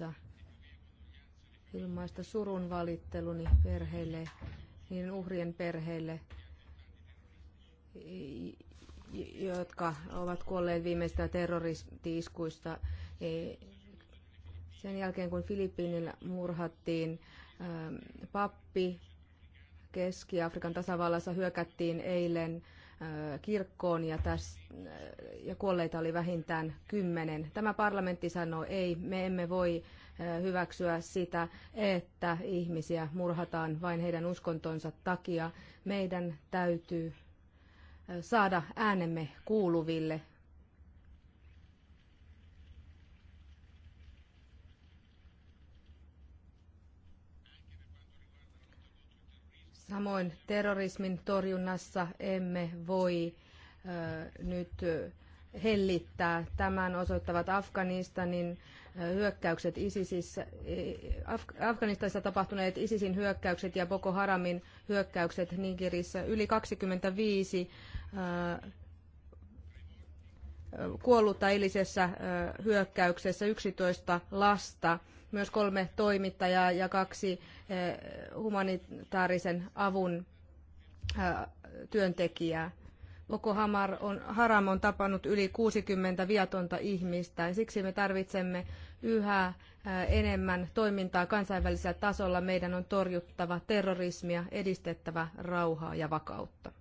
mielessä ilmaista surun valitteluni perheille, niiden uhrien perheille, jotka ovat kuolleet viimeistä terroristi e, Sen jälkeen, kun Filippiinillä murhattiin ähm, pappi, Keski-Afrikan tasavallassa hyökättiin eilen äh, kirkkoon ja tässä äh, ja kuolleita oli vähintään kymmenen. Tämä parlamentti sanoo ei, me emme voi hyväksyä sitä, että ihmisiä murhataan vain heidän uskontonsa takia. Meidän täytyy saada äänemme kuuluville. Samoin terrorismin torjunnassa emme voi nyt hellittää. Tämän osoittavat Afganistanin hyökkäykset ISISissä, e, Afganistanissa tapahtuneet ISISin hyökkäykset ja Boko Haramin hyökkäykset Nigerissä. Yli 25 kuollutta eilisessä hyökkäyksessä, 11 lasta, myös kolme toimittajaa ja kaksi humanitaarisen avun työntekijää. Boko Hamar on, Haram on tapannut yli 60 viatonta ihmistä. Siksi me tarvitsemme yhä enemmän toimintaa kansainvälisellä tasolla. Meidän on torjuttava terrorismia, edistettävä rauhaa ja vakautta.